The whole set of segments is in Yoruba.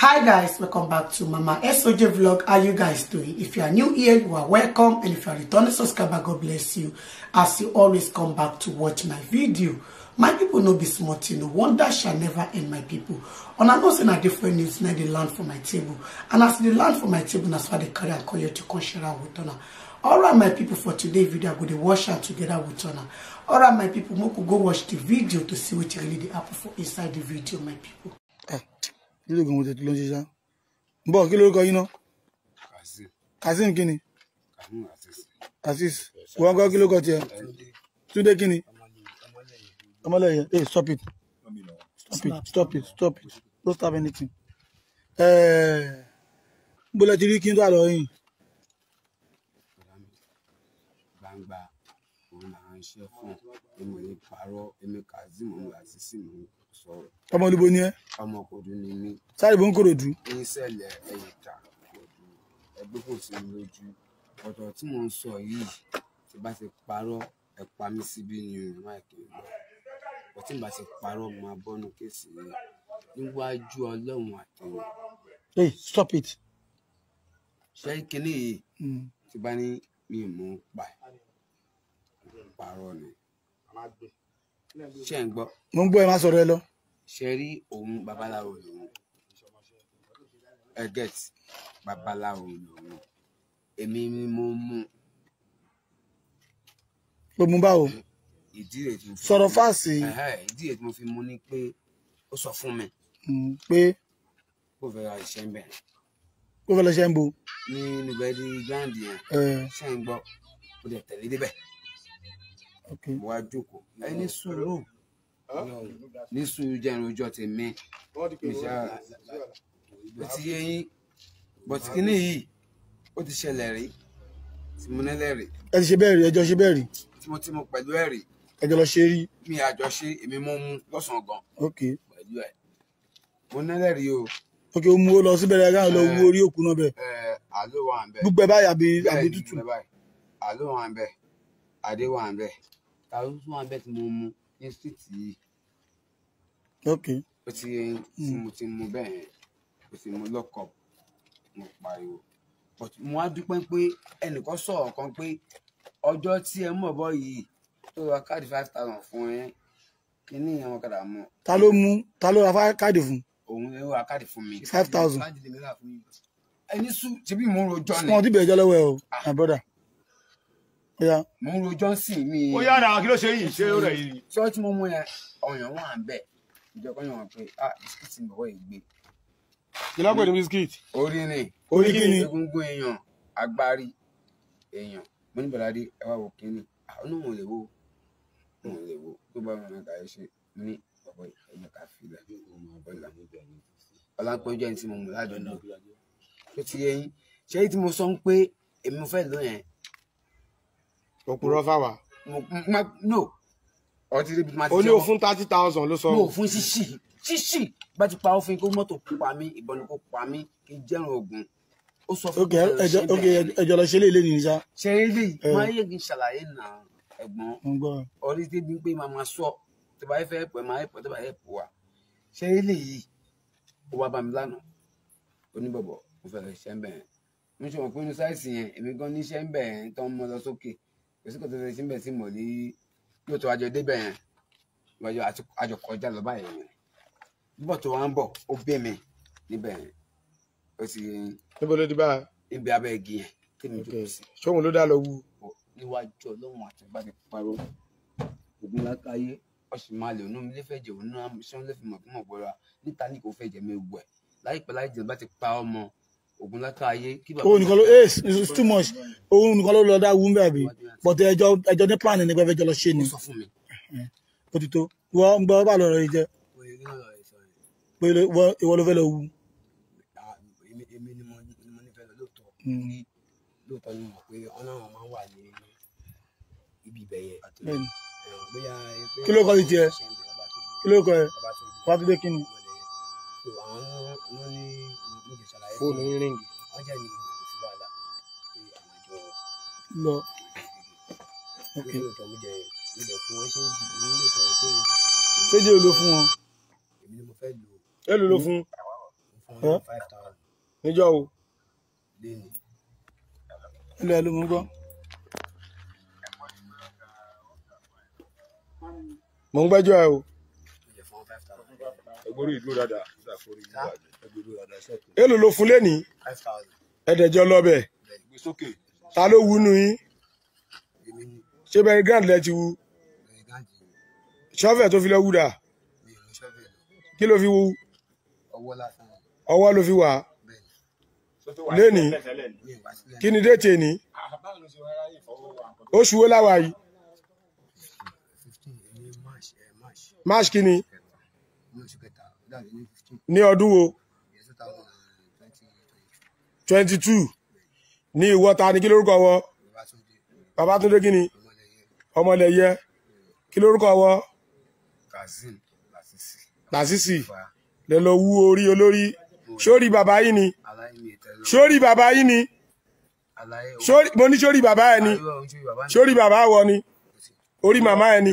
hi guys welcome back to mama soj vlog how you guys doing if you are new here you are welcome and if you are returning subscriber god bless you as you always come back to watch my video my people no be small thing no wonder shall never end my people una know say a different news na dey land for my table and as they e land for my table that's why they carry am come here to come share am with una alright my people for today video i go dey watch am together with una alright my people make go watch the video to see wetin really dey happen for inside the video my people. Eh, nílò gan mo tètè ló ń ṣiṣẹ́ bọ́ kí lórúkọ yín náà kazeem kí ni azeez wọ́n gbọ́ kí lórúkọ tiẹ̀ túndé kí ni ọmọlẹ́yẹ hey stop it stop it stop it stop it don't stop anything eh, bó lẹ ti rí kí n tó àlọ́ yìí ọmọ olúbo ni ẹ. sáré bó ń kòròdú. ní tí mò ń sọ yìí tí bá ti parọ́ ẹ pa mí síbí ni ìrìn máa kì ọ̀ tí bá ti parọ́ máa bọ́nu kéèsì yẹn níwájú ọlọ́run àtẹ̀yìn. hey stop it. ṣé kinní yìí hmm. ti bá ní mi mú pa ẹ̀ parọ́ ni ṣe ń gbọ́. mo ń gbọ́ ẹ má sọ̀rọ̀ ẹ lọ. ṣe rí òun babaláwo lòun ẹ get babaláwo lòun èmi ni mo mú. ló mú báwo. ìdí rẹ̀ tó fi sọ̀rọ̀ fáàsì. ìdí rẹ̀ tó fi mú ni pé ó sọ fún mi. pé. kó fẹ́ ra iṣẹ́ ń bẹ̀. kó fẹ́ lọ ṣe ń bo. ní nùgbẹ́dì gíláǹdì yẹn ṣe ń gbọ́ ó dẹ̀ tẹ̀lé débẹ̀ mo wá jókòó ẹ ní sùúrù ní sùúrù jẹ́ ìròjọ́ tèmi ó ti yé yín bọ̀tí kínní yìí ó ti ṣẹlẹ̀ rí tí mo nílẹ̀ rí. ẹ ti ṣe bẹ́ẹ̀ rí ẹjọ́ ṣe bẹ́ẹ̀ rí. tí mo ti mo pẹ̀lú ẹ̀ rí. ẹjọ́ lọ ṣe rí. mi àjọṣe èmi mo mu lọ́sàn-án gan. ok pẹ̀lú ẹ̀ mo nílẹ̀ rí o. ok o mú o lọ síbẹ̀rẹ̀ ká lọ wú orí òkú náà bẹ̀. ẹ àlọ́ wà ń bẹ̀. gbígbẹ báyìí àbí tútù. àlọ́ wà ń bẹ̀ adé wà ń bẹ̀ tàbí tuntun wà tí mo mu ní yìí. ok. ó ti hmm. mo ti mu bẹ́ẹ̀ yẹn ó ti mu lọ́kọ̀p mo pariwo but mo wá dúpẹ́ pé ẹnìkan sọ̀rọ̀ kan pé ọjọ́ tí ẹ mọ̀ bọ́ yìí tó ra káàdì five thousand fún ẹ kíní ìyẹn wọn kàdà mọ. ta ló mú ta ló ra káàdì fún. òun ló ra káàdì fún mi. five thousand. ẹni sùn ṣe bí mo rojọ́ ni. sọ́wọ́n ti bẹ̀rẹ̀ jẹ́ ẹ o my brother mo ń ro johnson mi. ó yára àwọn kí ló ṣe yìí ṣé ó rẹ̀ yìí. sọ mo mú yẹn ọyàn wà ń bẹ ìjọba yẹn wọn pé ah biskit ń bọ̀ yìí gbé. ìlọ́pẹ̀ ní biskit. orí ni orí kí ni egungun èèyàn agbárí èèyàn mo ní bàlá dé ẹ wá wò kíni àwọn òun lè wo òun lè wo tó bá wọn kà ṣe ní ọ̀pọ̀ ẹ̀yìn ká fi lẹ̀ ọ̀làǹpẹ̀ ojú ẹni tí mo mú ládùúgbò tó ti yẹ yín ṣé tí mo sọ ń pé èmi fẹ́ lóyún òpùrọ́ fáwa. no ọtí débi ma ti jẹ́ o ní o fún thirty thousand ló sọ. mo fún ṣíṣì ṣíṣì bá ti pa òfin kó mọ́tò pa mí ìbọn ni pa mí kì í jẹ́rùn ogun ó sọ fún mi. ok ẹjọ lọ ṣe léèlé nìyí sá. ṣe léèlé máa yẹ kí n ṣàlàyé náà ẹ̀gbọ́n ọdí débi pé màá sọ tó bá fẹ́ pẹ̀ máa pẹ̀ tó bá yẹ pọ̀ wá ṣe léèlé ó wá bá mi lánàá oníbọ̀bọ̀ mo fẹ́ ṣẹ́ ń mo ṣe mọ̀ pé sáìsì yẹn èmi gan ní ṣẹ́ ń bẹ̀rẹ̀ tó lọ sókè. Okay kò sí kò tó fẹ́ sí mbẹ́ sí mọ̀ ní yóò tó àjọ débẹ̀ yẹn wájú àjọ kọjá lọ báyìí yẹn bọ̀ tó wá ń bọ̀ ó bẹ́ mi níbẹ̀ yẹn ó sì. níbo ló dé bá. abẹ́ igi yẹn tèmi jókòó sí. sóhun ló dá lọ wú. níwájú ọlọ́run àti bá parọ́ ògùn lákàáyé ọ̀sìn máa lè onú mi lè fẹ́ jẹ òun náà ṣé wọ́n lè fi mọ̀ fún mọ̀ gbọ́ra níta ní kò fẹ́ jẹ mi wẹ̀ láìpẹ́ láì jẹ́ bá ti ògùn láká ayé. òun nìkan eh, too much òun nìkan ló lọ dá wú bẹ́ẹ̀ bí but ẹjọ́ ẹjọ́ ní plan ní pẹ́ẹ́fẹ́ jọ lọ ṣe ni ó eh, ti tó wọ́n ń gbọ́ bá lọ rẹ̀ jẹ́ pé ìwọ ló fẹ́ lọ wú. èmi ni mo ní fẹ́ lọ lóòótọ́ hmm. kí ló kọ́ ti kí ló kọ́ ẹ Fátúndé kí ni. àwọn ní ṣàlàyé fóònù yín ríǹgì. wọ́n jẹ́ mi kò sí wàhálà pé àwọn lọ kéde èlò fún wọn. èmi ni ló fún. níjọ́ o. ilé ẹ ló mú gbọ́. mo ń gbẹ́jọ́ ẹ o. ẹgbórí ìdúró dáadáa èlò ló fún lẹ́ni ẹ̀ẹ́dẹ̀jọ́ lọ́bẹ̀ ta ló wú nù yín ṣé bẹ́ẹ̀ grand lẹ ti wú ṣọ́fẹ̀ tó fi lọ wú dà kí ló fi wú ọwọ́ ló fi wà lẹ́ni kí ni déètì ah, ni oṣù wo láwa yìí march kí ni ní ọdún wo twenty two ní ìwọ ta ni kí lórúkọ wọ Babátúndé kí ni ọmọlẹyẹ kí lórúkọ wọ làṣìṣì lè lọ wú orí olórí sórí bàbá yìí ni sórí bàbá yìí ni mo ní sórí bàbá ẹ ni sórí bàbá wọ ni orí màmá ẹ ni.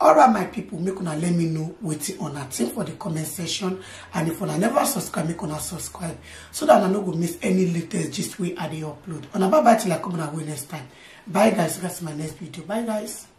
alright my people, make una let me know Waiting wetin una think for the comment section and if una never subscribe make una subscribe so that una no go miss any latest gist wey i dey upload una bye bye till i come una way next time bye guys that's my next video bye guys